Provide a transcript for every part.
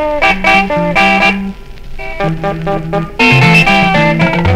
Thank you.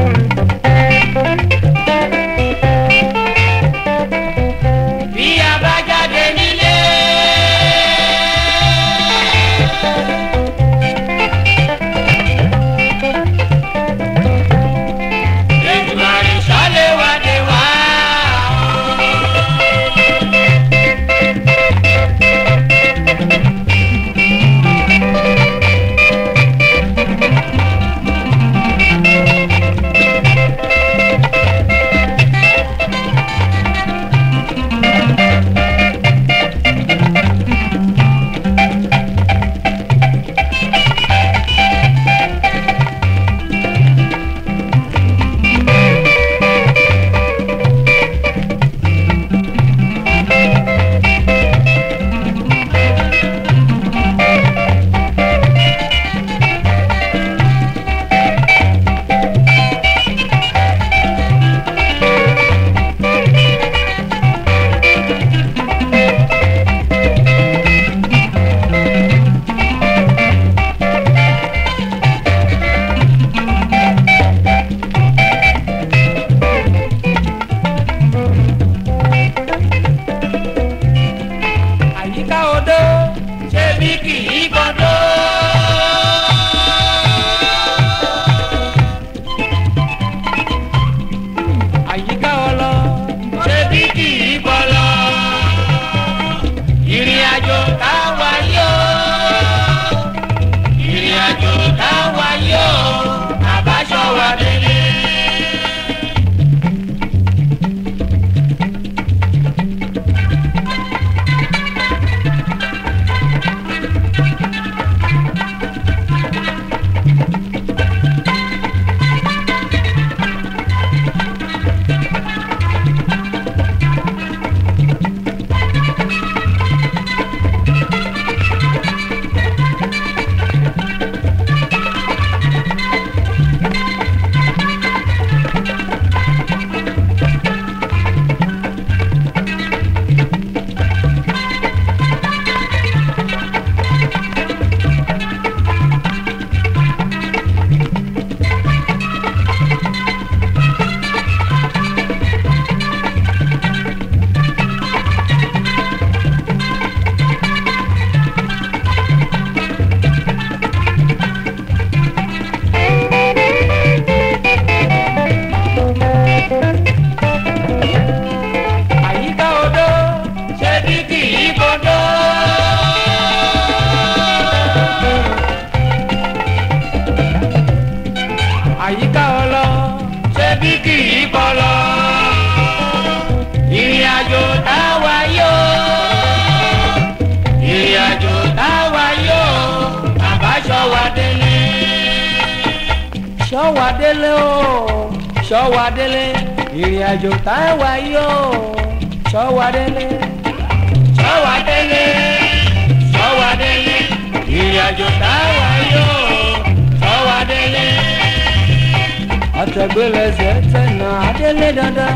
gbẹlẹsẹ tẹnà adélé dandan.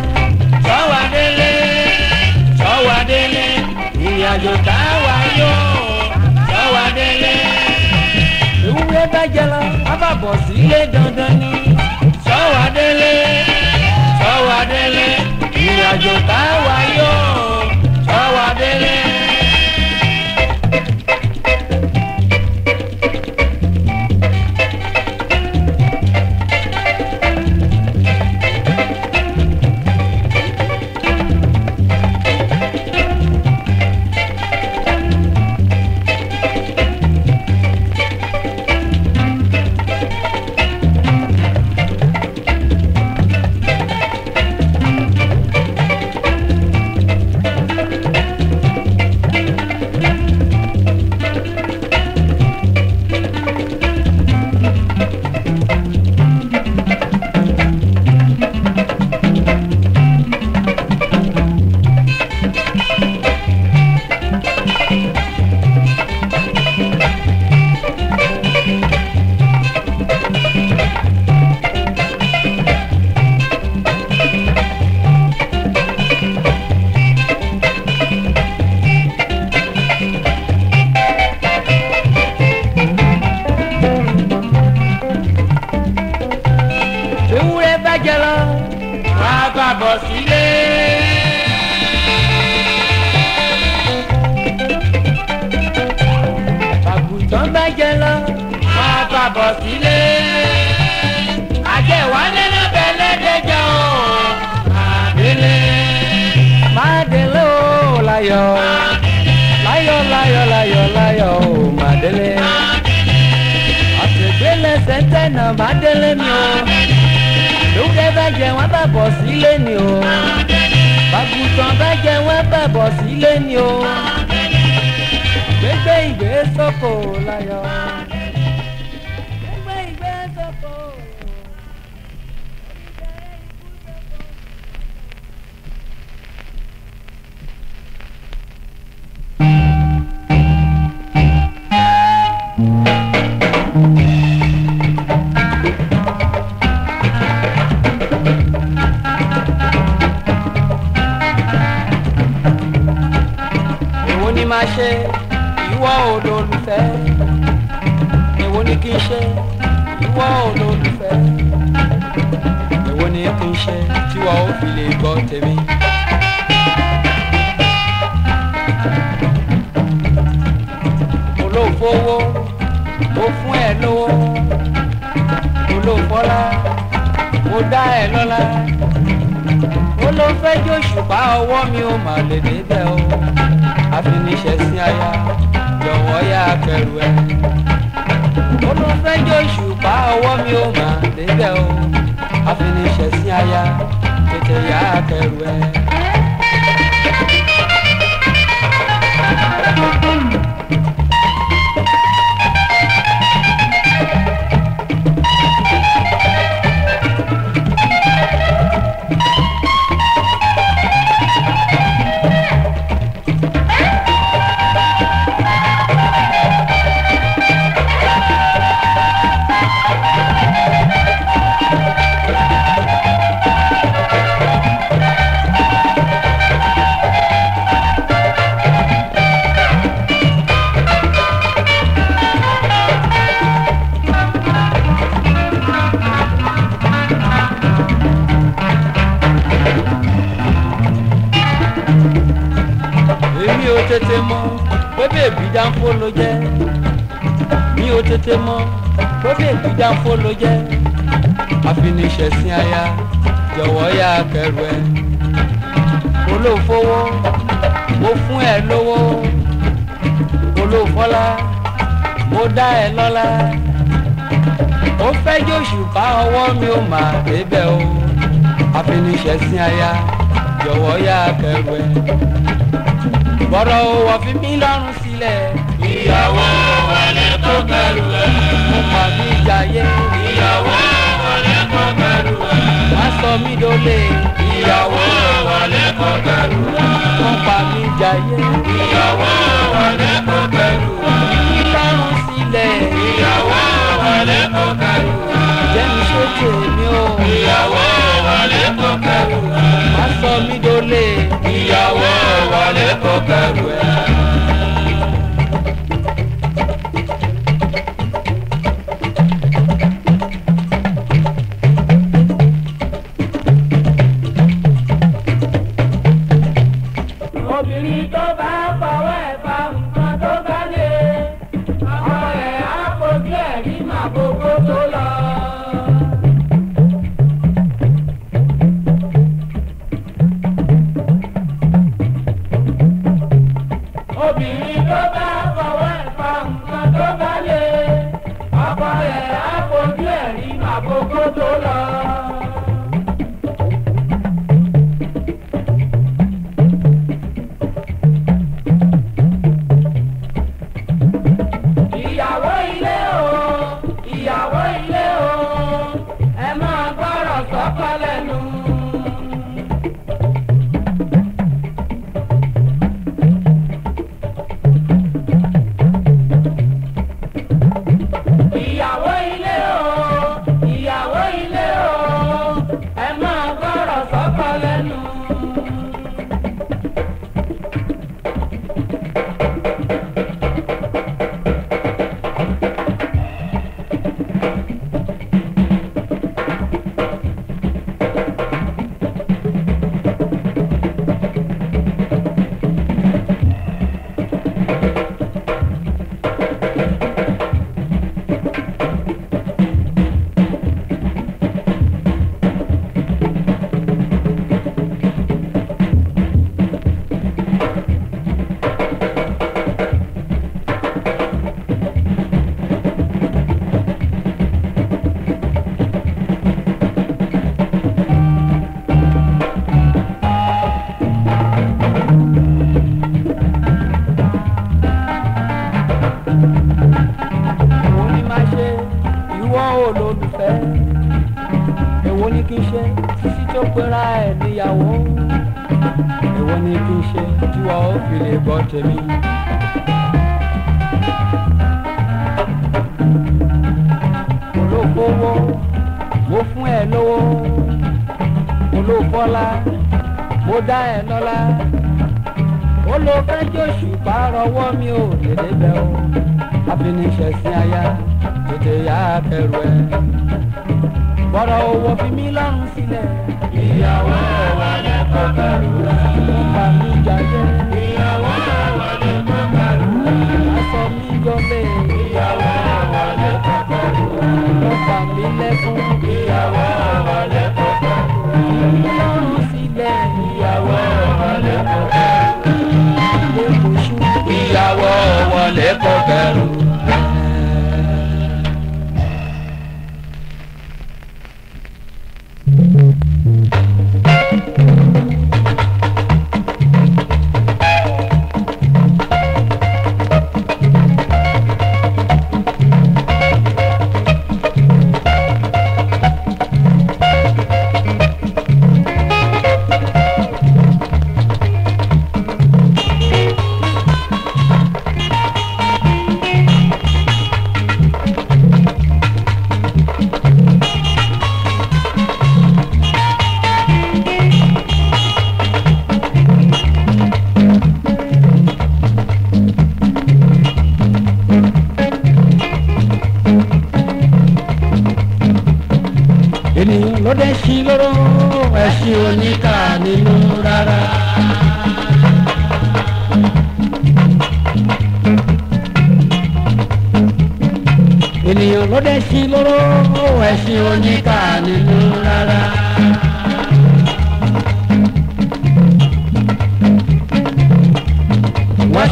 sọ́wọ́ délé sọ́wọ́ délé ìrìnàjò táwa yóò sọ́wọ́ délé. ewúrẹ́ bá jẹ lọ a bá bọ̀ sílé dandan ni. sọ́wọ́ délé. bá délé ni o lóúnjẹ bá jẹ wọn bá bọ̀ sílé ni o bàgùtàn bá jẹ wọn bá bọ̀ sílé ni o gbégbé ìgbé sóko láyọ̀. ló fowó ó fún ẹ lówó ó ló fọlá ó dá ẹ lọ́lá ó ló fẹ́ jó ṣùpá ọwọ́ mi ó mà lè débẹ̀ o àfiníṣẹ́ sí aya jọ̀wọ́ yá kẹrù ẹ ó ló fẹ́ jó ṣùpá ọwọ́ mi ó mà débẹ̀ o àfiníṣẹ́ sí aya tètè yá kẹrù ẹ. tètè mọ̀ pé bèbí dáńfó ló jẹ́ mi ò tètè mọ̀ pé bèbí dáńfó ló jẹ́ àfiniṣẹ̀sìn aya jọ̀wọ́ yá kẹrù ẹ olófowó mo fún ẹ lówó olófọlá mo dá ẹ lọ́lá ó fẹ́ jòṣù bá ọwọ́ mi ó mà débẹ̀ o àfiniṣẹ̀sìn aya jọ̀wọ́ yá kẹrù ẹ bọ́rọ̀ o wà fi mí lọ́rùn sílẹ̀. ìyàwó wọlé tó kẹrù ẹ̀. mo mà mí jayé. ìyàwó wọlé tó kẹrù ẹ̀. má sọ mí dólé. ìyàwó wọlé tó kẹrù ẹ̀. mo mà mí jayé. ìyàwó wọlé tó kẹrù ẹ̀. fi lọ́rùn sílẹ̀. ìyàwó wọlé tó kẹrù ẹ̀. jẹ́mi ṣe tèmi o. ìyàwó kẹrù ẹ. má sọ mí dolè. ìyàwó wọlé kó kẹrù ẹ.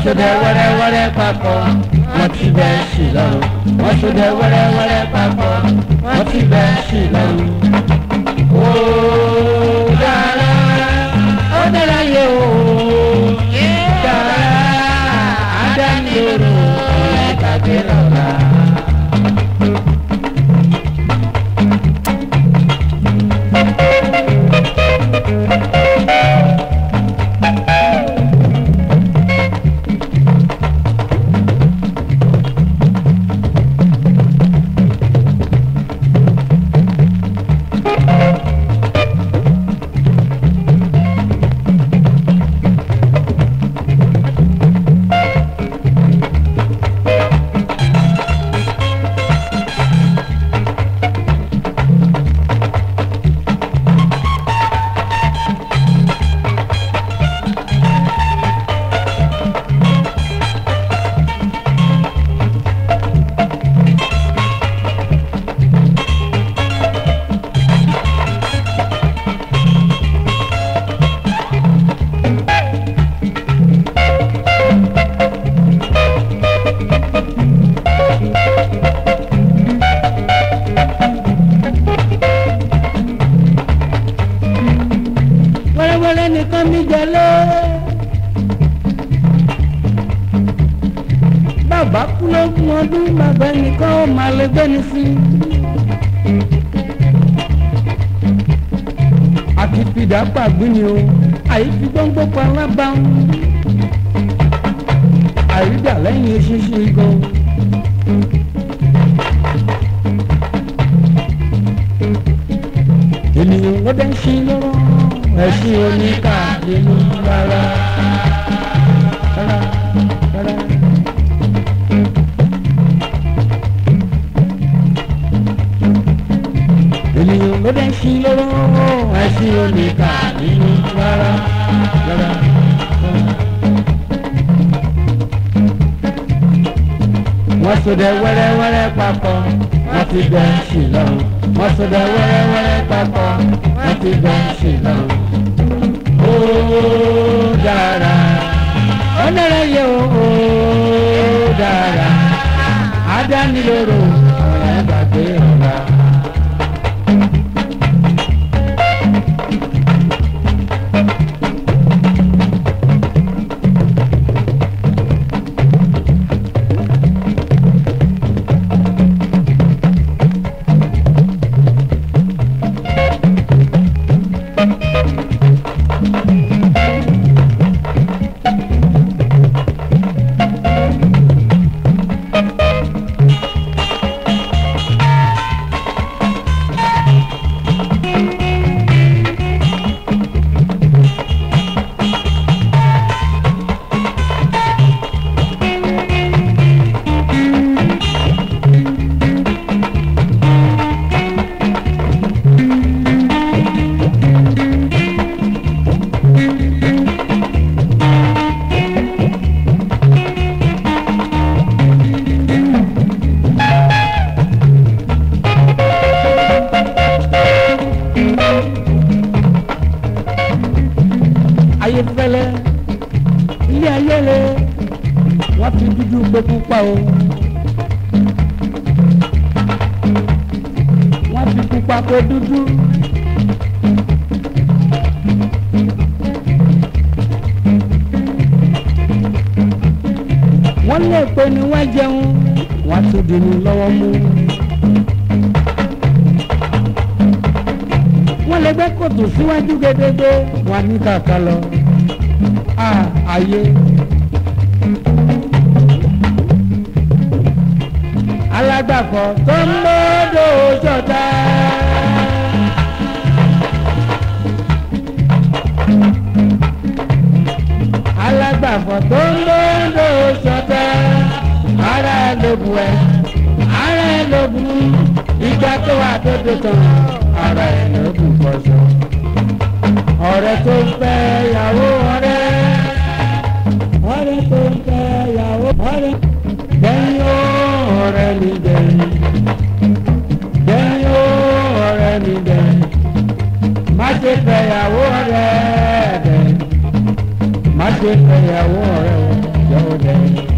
ṣọdẹ wẹ́rẹ́wẹ́rẹ́ papọ̀ wọ́n ti bẹ́ sí lọ́rùn. wọ́n ṣọdẹ wẹ́rẹ́wẹ́rẹ́ papọ̀ wọ́n ti bẹ́ sí lọ́rùn. ó dára ó dára yẹ o. dára adánilóró ẹ̀ka gbé lọ́la. máa lè gbẹ́ni sí. fìdá pàgbín ni o àyífi gbọ́ngbọ́ pa lábá àyídà lẹ́yìn eṣinṣin gan. ènìyàn wọ́n dẹ́ ń ṣe lọ́rọ́ ẹ̀sìn oníkà nínú rárá rárá rárá. àṣìyàn ló dé sí lọ́wọ́ àṣìyàn ò lè kà nínú rárá rárá. wọ́n sọdẹ wẹ́rẹ́wẹ́rẹ́ papọ̀ wọ́n ti gbẹ ṣì lọ. wọ́n sọdẹ wẹ́rẹ́wẹ́rẹ́ papọ̀ wọ́n ti gbẹ ṣì lọ. ó dára ó dára yẹ ó dára adánilóró. wọ́n lè pe ni wọ́n jẹun wọ́n tún di ni lọ́wọ́ mú. wọ́n lè gbé kòtò síwájú gédégbé wọ́n ní kàkà lọ. ayé alágbàfọ̀ tó ń bọ́dọ̀ ṣọ̀tá alágbàfọ̀ tó ń lóńdó sọtẹ́ ara ẹ̀ ló bu ẹ̀ ara ẹ̀ ló bu ìgbà tó wà tó tó tán ara ẹ̀ ló bu fọṣọ. ọ̀rẹ́ tó ń fẹ́ yàwó ọ̀rẹ́ ọ̀rẹ́ tó ń fẹ́ yàwó ọ̀rẹ́ dẹ́yìn ọ̀rẹ́ mi dẹ́yìn dẹ́yìn ó ọ̀rẹ́ mi dẹ́yìn má ṣe fẹ́ yàwó ọ̀rẹ́. I wore rẹ̀ wò lóde.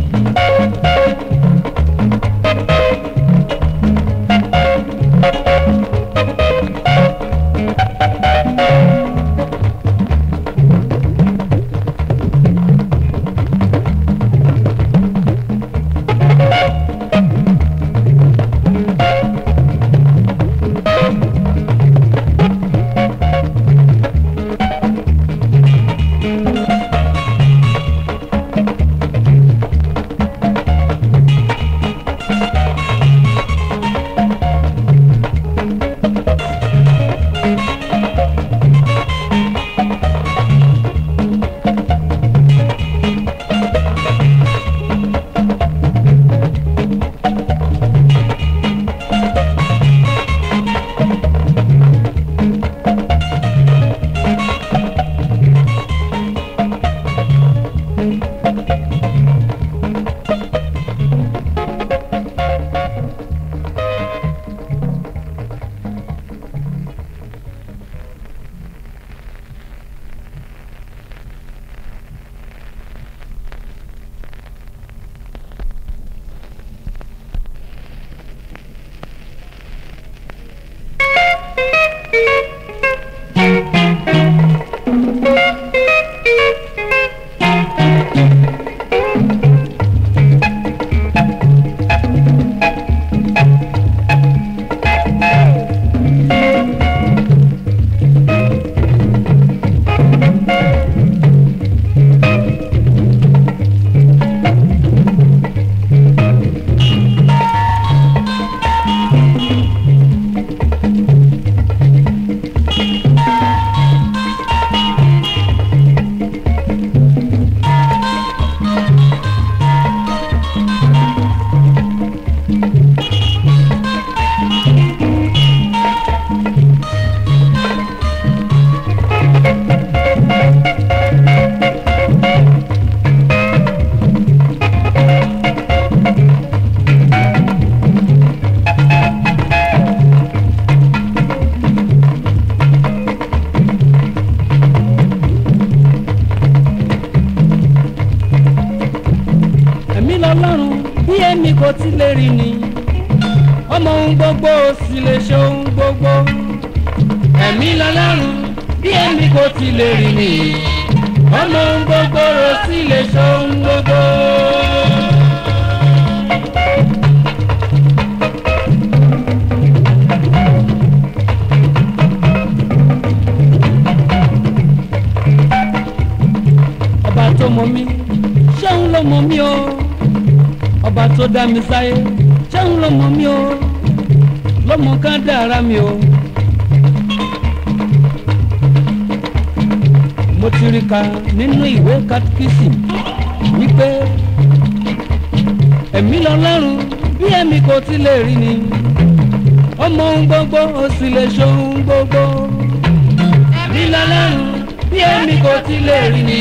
dá mi sáyé ṣéun lọmọ mi o lọmọ kan dára mi o. mo ti rí ka nínú ìwé katikísìm wípé ẹ̀mí lọ́lọ́run bí ẹ̀mí kò ti lè rí ni ọmọ ohun gbogbo ó sì lè ṣe ohun gbogbo ẹ̀mí lọ́lọ́run bí ẹ̀mí kò ti lè rí ni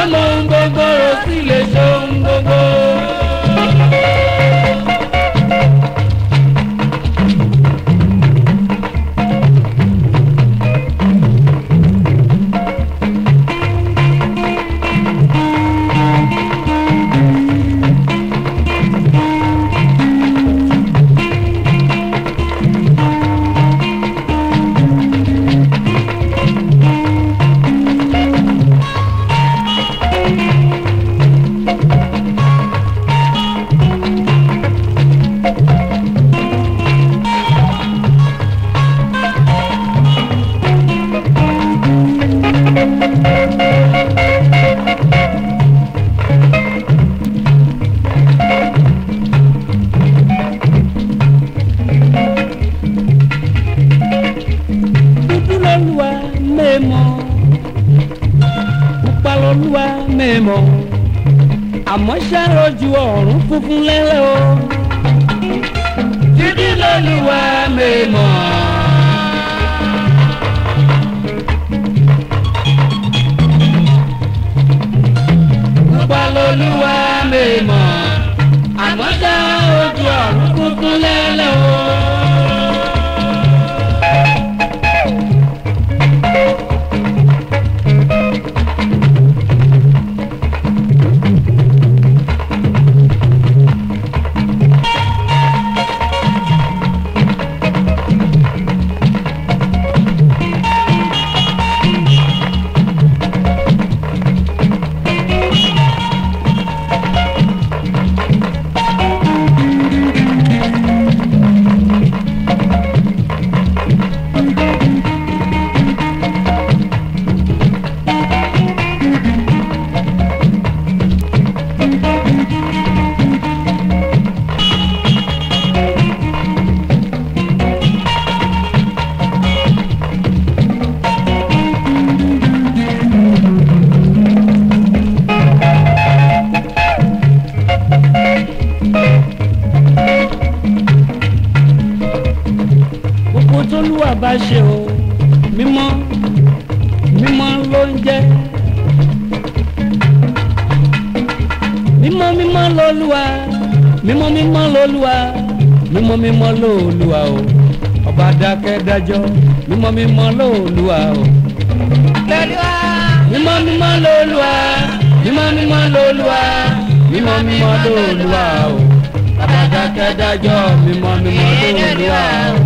ọmọ ohun gbogbo ó sì lè ṣe ohun gbogbo. Thank you. dájọ́ mímọ́ mímọ́ lóòrùn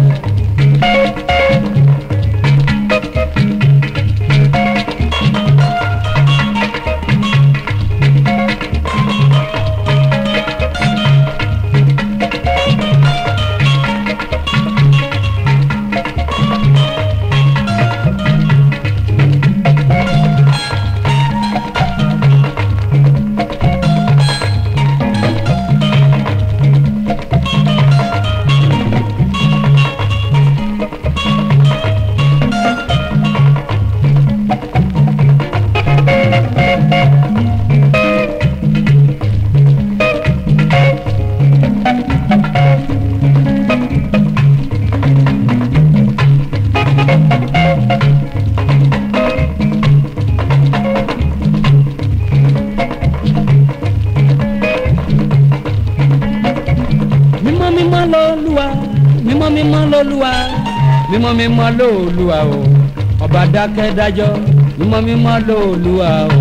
bàdákẹ́ dájọ́ mímọ́ mímọ́ ló olúwa o.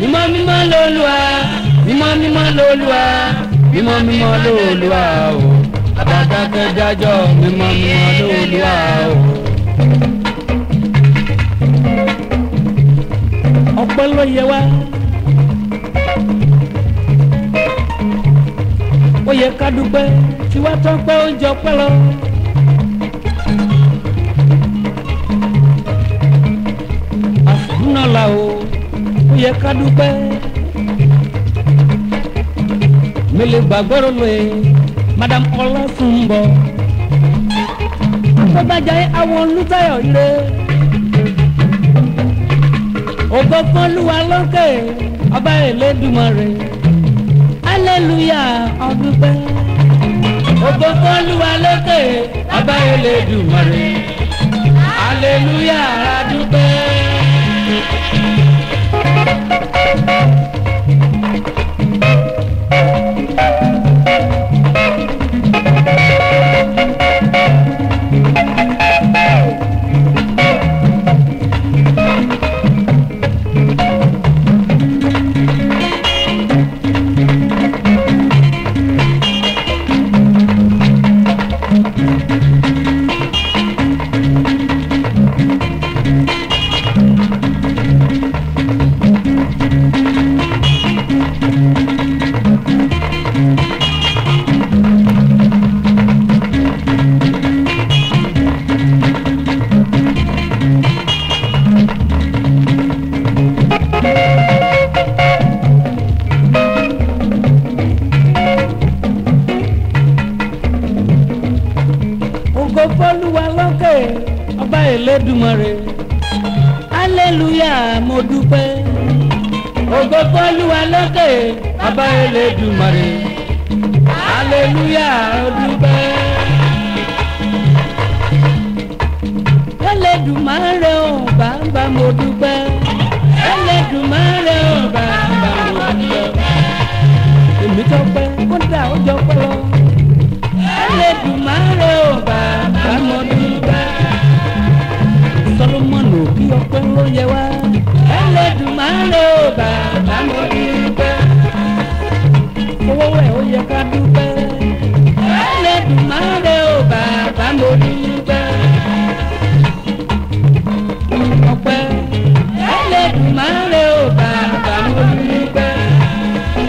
mímọ́ mímọ́ ló olúwa mímọ́ mímọ́ ló olúwa mímọ́ mímọ́ ló olúwa o. bàdákẹ́ dájọ́ mímọ́ mímọ́ ló o. ọpẹ́ ló yẹ wá. ó yẹ ká dúpẹ́ tiwa tán pé ó ń lọ. yẹ ká dúpẹ́ mi lè gbàgbọ́rọ̀ madam ọlá fún un bọ̀ gbọ́dájà yẹ àwọn olùtayọ̀ ire ògo fún lókè ọba Elédùmarè aleluya lókè ọba aleluya Thank you. Elédùmarè aleluya mo dúpẹ́ ògo f'Olúwa lókè bàbá Elédùmarè aleluya mo dúpẹ́. Elédùmarè o bàbá mo dúpẹ́ Elédùmarè o bàbá mo dúpẹ́ èmi tó pẹ́ kódà ó jọ pẹ́ lọ Elédùmarè o bàbá mo dúpẹ́ kò bí ọpẹ́ ló yẹ wá. Ẹlẹ́dùmarè ò bàbá mo ní pẹ́. owó ẹ̀ ó yẹ ká dúpẹ́. Ẹlẹ́dùmarè ò bàbá mo ní pẹ́. ọpẹ́ Ẹlẹ́dùmarè ò bàbá mo ní pẹ́.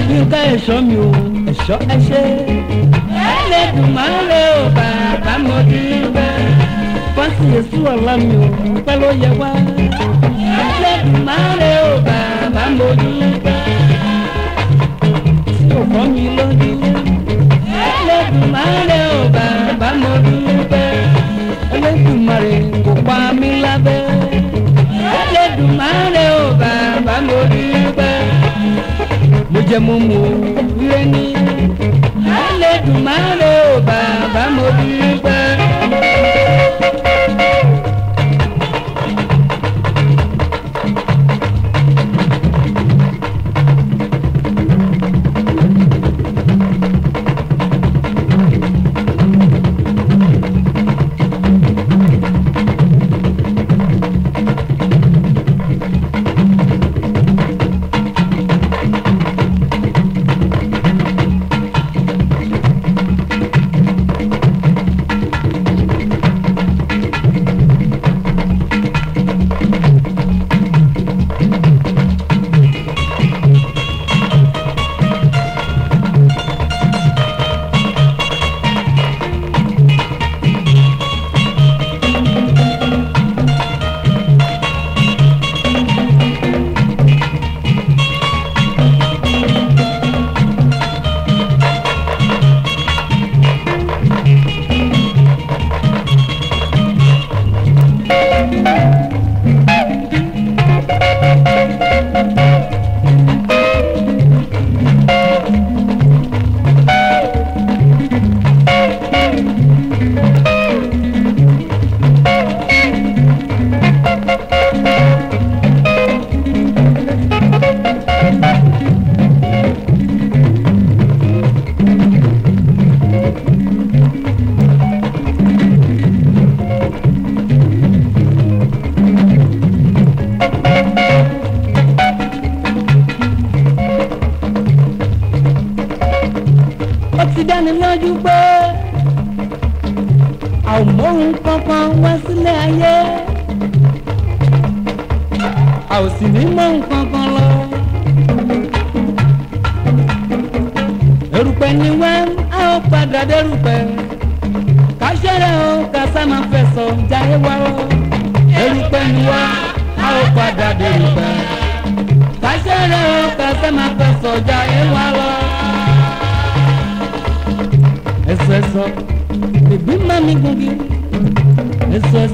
yínká ẹ̀ṣọ́ mi ò ẹ̀ṣọ́ ẹ̀ṣẹ́. Ẹlẹ́dùmarè bàbá mo ní pẹ́ fásiyèsú ọ̀la mi ò dúpẹ́ ló yẹ wá. Ẹlẹ́dùnmáre ò bàbá mo dúpẹ́. Tí ò fọ́ mi lọ́dílé. Ẹlẹ́dùnmáre ò bàbá mo dúpẹ́. Ẹlẹ́dùnmáre kò pa mí lábẹ́. Ẹlẹ́dùnmáre ò bàbá mo dúpẹ́. Mo jẹ mo mú o, rírẹ́ ní. Ẹlẹ́dùnmáre ò bàbá mo dúpẹ́.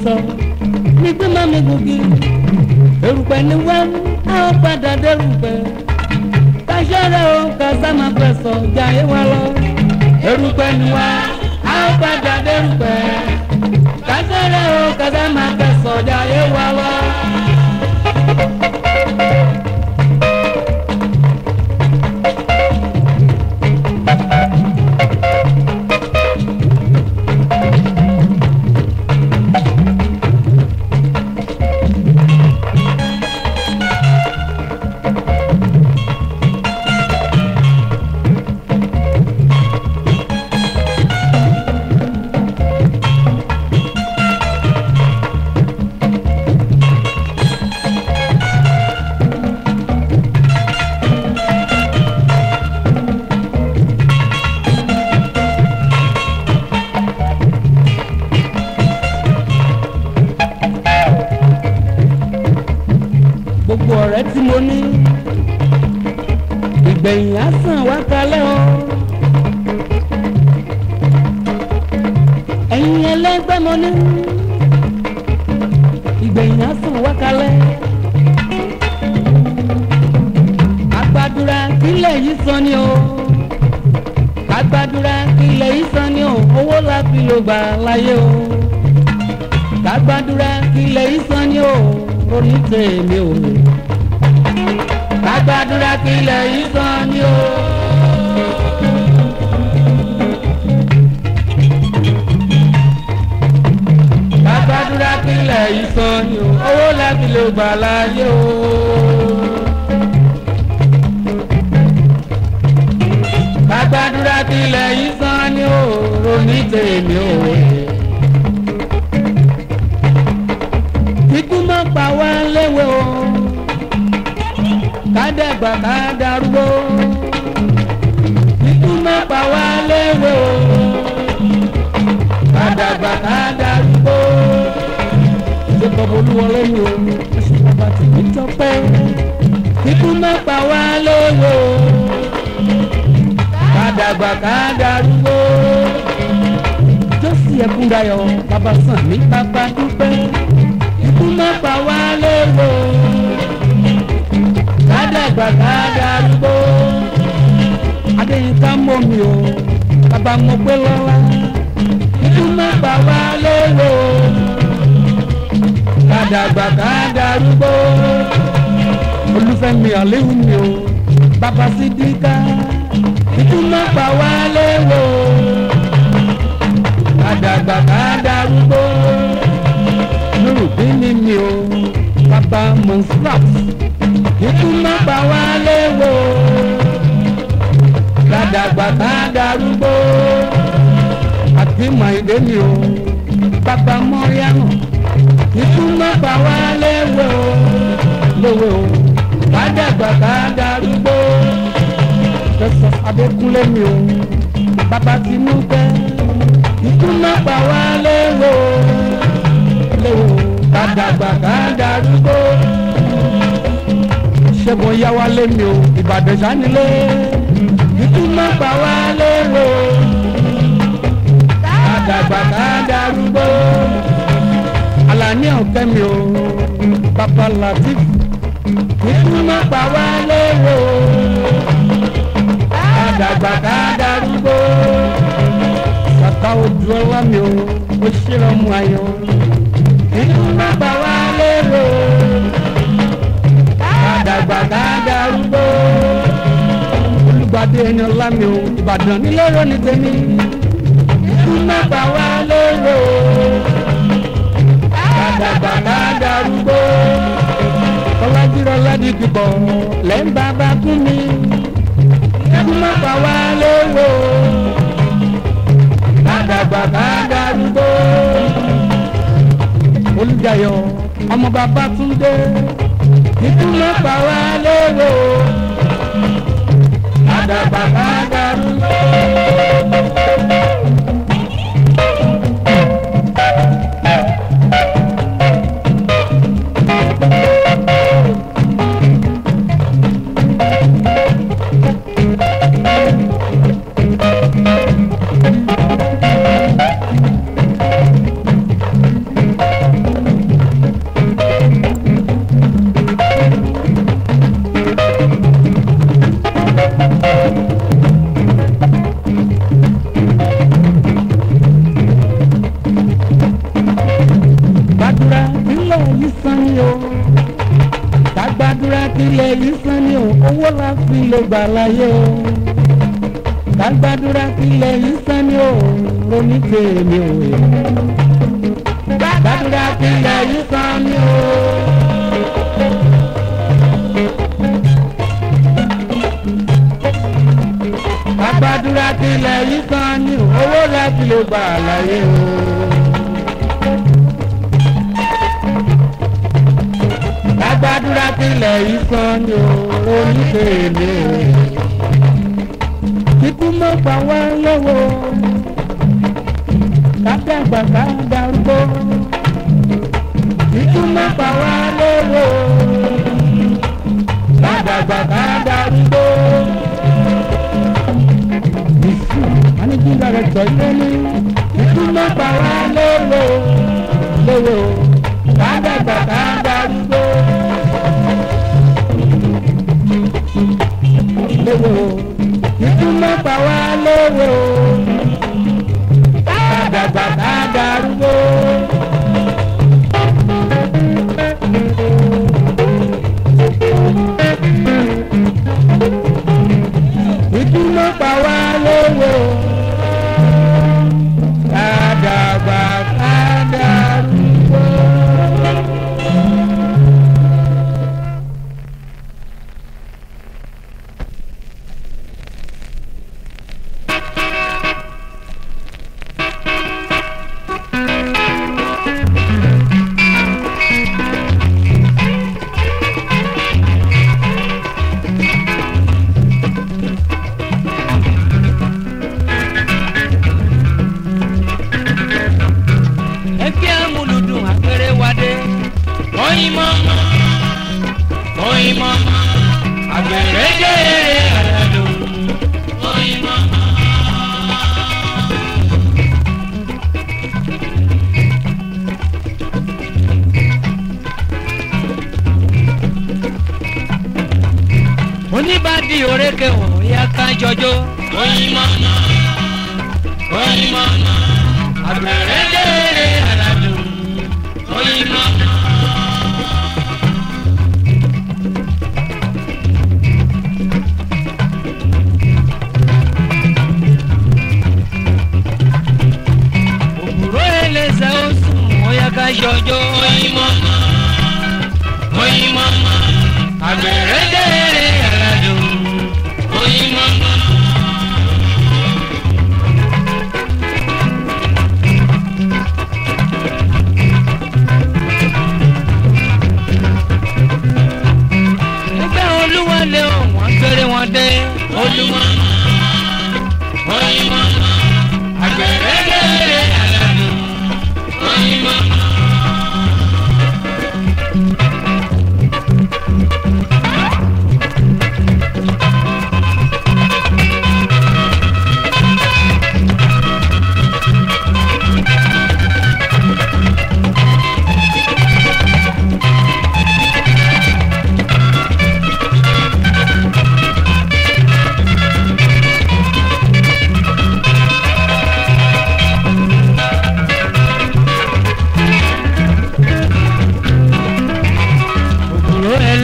sọ nígbín má mi gògì erùpẹ̀ ni wẹ́n á ó padà dérùpẹ̀ káṣẹ́rẹ́ o kàṣà máa fẹ́ sọ jàyé wa lọ erùpẹ̀ ni wá á ó padà dérùpẹ̀ káṣẹ́rẹ́ o kàṣà máa fẹ́ sọ jàyé wa lọ. pé mo ní ìgbẹ̀yìn á sùn wákàlẹ́. àgbàdúrà kílẹ̀ yìí sọ ni o àgbàdúrà kílẹ̀ yìí sọ ni o owó la fi lò gbà láyé o àgbàdúrà kílẹ̀ yìí sọ ni o orí tèmi o àgbàdúrà kílẹ̀ yìí sọ ni o. ìsàn ni o owó láti lè gbà láyé o. gbàgbàdúrà tilẹ̀ ìsàn ni o ronú tèmi o. ikú máa pa wá léwe o ká dẹ̀gbà ikú máa pa wá léwe o ká dàgbà bọ̀bọ̀ olúwọlé ni omi oṣù bàbá tèmi tọpẹ́ kíkú má pa wá lówó kádàgbà kádàrúgbó jọ́sí ẹ̀kúndayọ̀ bàbá sàn mí bàbá dúpẹ́ kíkú má pa wá lówó kádàgbà kádàrúgbó adéyínká mọ̀ mi o bàbá mo pé lọ́la kíkú má pa wá lówó kàdàgbà kàdàrúgbó olúfẹ́mi àléwu mi o bàbá sídìkà ìtumọ̀ pa wá léwo kàdàgbà kàdàrúgbó lórúkí ni mi o bàbá mọ̀nsílàt ìtumọ̀ pa wá léwo kàdàgbà kàdàrúgbó àti mọ̀ ìdè mi o bàbá mọ́ríàmù ikú má pa wá léwe o léwe o ká dàgbà ká darúgbó. Justice mi o bàbá Tinúkẹ́ ikú má pa wá léwe o léwe o ká dàgbà ká darúgbó. mi o Ìbàdàn Sánilé ikú má pa wá léwe o ká dàgbà ká ní ọ̀kẹ́ mi o bàbá latif nínú má pa wá lérò àdàgbà ká darúgbó kàkà ojú ọlá mi o ó ṣíra ọmọ ayọ̀ nínú má pa wá lérò àdàgbà ká darúgbó olùgbàdé ẹni ọlá mi o ìbàdàn nílẹ̀ rọ́ ní tèmi nínú má pa wá lérò dàgbà máa darúgbó ọlájírọ ládìgbò lẹ́ ń bàbá kú mi kú má pa wá léwo máa dàgbà máa darúgbó olùjayọ ọmọ bàbá túndé ikú má pa wá léwo máa dàgbà máa kí lè gbà láyé o gbàgbàdúrà kí lè yí sẹ́ni o ronú tèmi o gbàgbàdúrà kí lè yí sẹ́ni o. gbàgbàdúrà kí lè yí sẹ́ni o owó rẹ̀ kí lè gbà láyé o. lágbàdúrà tilẹ̀ yìí kan ni o oníbèémí o. kíkú mọ́ pa wá lọ́wọ́ kádàgbà ká darúgbó. kíkú mọ́ pa wá lọ́wọ́ kádàgbà ká darúgbó. ìsú managing director ilé ní kíkú mọ́ pa wá lọ́wọ́ lọ́wọ́ kádàgbà ká darúgbó. léwe o ikú má pa wá léwe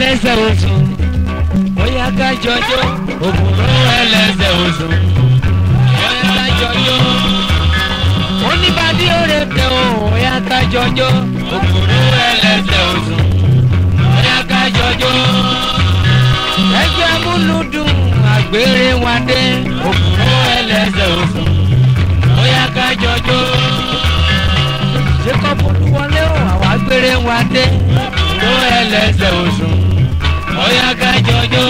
ẹlẹ́sẹ̀ oṣù bóyá kájọjọ́ òbúrò ẹlẹ́sẹ̀ oṣù bóyá kájọjọ́ oníbàdí òrè tẹ o bóyá kájọjọ́ òbúrò ẹlẹ́sẹ̀ oṣù bóyá kájọjọ́ ẹgbẹ́ amúlùdùn àgbèrè wadé òbúrò ẹlẹ́sẹ̀ oṣù bóyá kájọjọ́ ṣé kọ́pù wọlé o àwọn àgbèrè wadé òbúrò ẹlẹ́sẹ̀ oṣù ọ̀yà ká jọjọ́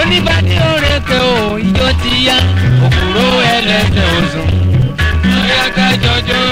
oníbàdí òrèké o ìjọ ti yá òkúrò ẹlẹ́sẹ̀ òsùn ọ̀yà ká jọjọ́.